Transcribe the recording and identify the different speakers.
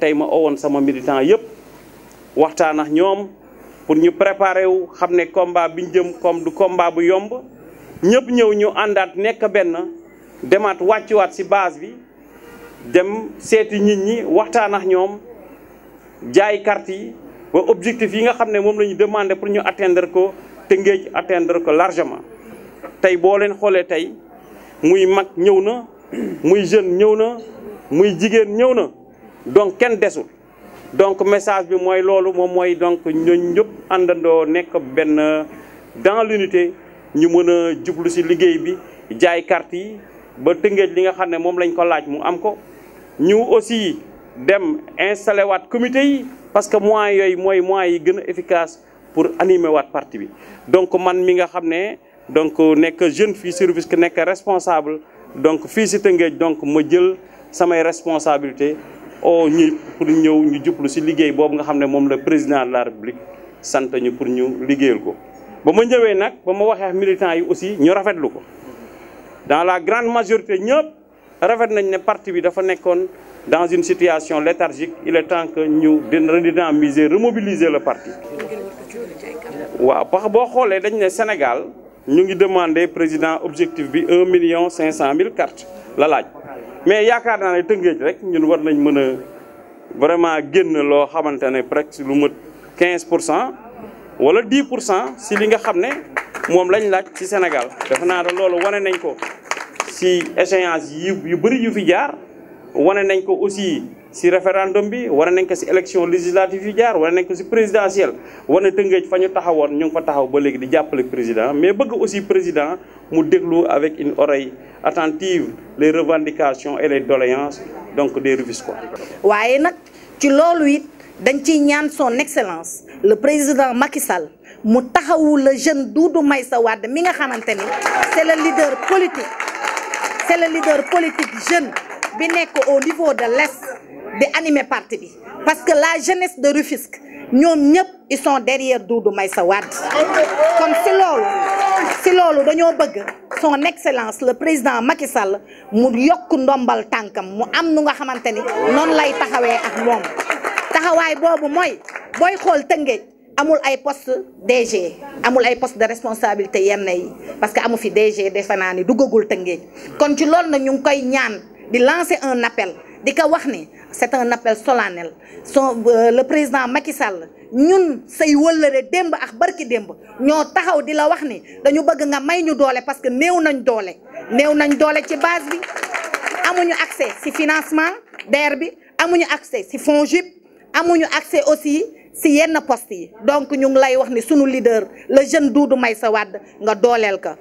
Speaker 1: tey ma owoon sama militant yëpp waxtaan ak ñoom pour ñu préparer wu xam ne combat bi jëm koom du combat bu yomb ñëpp ñëw ñu àndaat nekk benn demaat wàccuwaat ci base bi dem seeti nit ñi waxtaan ak ñoom jaay carte yi ba objectif yi nga xam ne moom la ñu demandé pour ñu atteindre ko te ngéej atteindre ko largement tey boo leen xoolee tey muy mag ñëw na muy jeune ñëw na muy jigéen ñëw na donc kenn desul donc message bi mooy loolu moom mooy donc ñooñu ñëpp àndandoo nekk benn dans l'unité ñu mën a jublu ci liggéey bi jaay carte yi ba tëngeej li nga xam ne moom lañ ko laaj mu am ko ñu aussi dem installé waat comité yi parce que moyens yooyu mooy moyens yi gën a efficace pour animer waat partie bi donc man mi nga xam ne donc nekk jeune fii service ki nekk responsable donc fii ci tëngeej donc ma jël samay responsabilité nous le président de la République pour nous ligue. Si je veux militants aussi, nous avons fait Dans la grande majorité, nous avons que le dans une situation léthargique. Il est temps que nous redynamisions et remobilisions le parti. Par rapport au Sénégal, nous avons demandé au président objectif 1 500 000 cartes. mais yaakaar naa ne Tëngéej rek ñun war nañ mën a vraiment génn loo xamante ne presque lu mët quinze pour cent wala 10 pour cent si li nga xam ne moom lañ laaj ci Sénégal defe naa ne loolu wane nañ ko si échéance yi yu bëri yu fi jaar wane nañ ko aussi. si référendum bi war nañ ko ci élection législative yi jaar war nañ ko ci présidentielle war na Tëngéej fa ñu ñu ngi fa taxaw ba légui di jappalé président mais bëgg aussi président mu déglu avec une oreille attentive les revendications et les doléances donc des quoi
Speaker 2: wayé nak ci lolu it dañ ci ñaan son excellence le président Macky Sall mu taxawu le jeune Doudou Maïssa Wade mi nga xamante c'est le leader politique c'est le leader politique jeune bi nekk au niveau de l'Est di animer parti bi parce que la jeunesse de Rufisque ñom ñep ils sont derrière Doudou Maïssa Wade comme si lolu si lolu dañu bëgg son excellence le président Macky Sall mu yok ndombal tankam mu am nu nga xamanteni non lay taxawé ak mom taxaway bobu moy boy xol Tëngéej amul ay poste DG amul ay poste de responsabilité yenn yi parce que amu fi DG defe dugagul ni kon ci lolu na ñu koy ñaan di lancer un appel di ko wax ni c'est un appel solennel son euh, le président Macky Sall ñun say wëllëre démb ak barki démb ñoo taxaw di la wax ni dañu bëgg nga may ñu doole parce que néew nañ doole néew nañ doole ci base bi amuñu accès ci financement DER bi amuñu accès ci fonds JIP amuñu accès aussi ci yenn post yi donc ñu ngi lay wax ni sunu leader le jeune may sa wàdd nga dooleel ko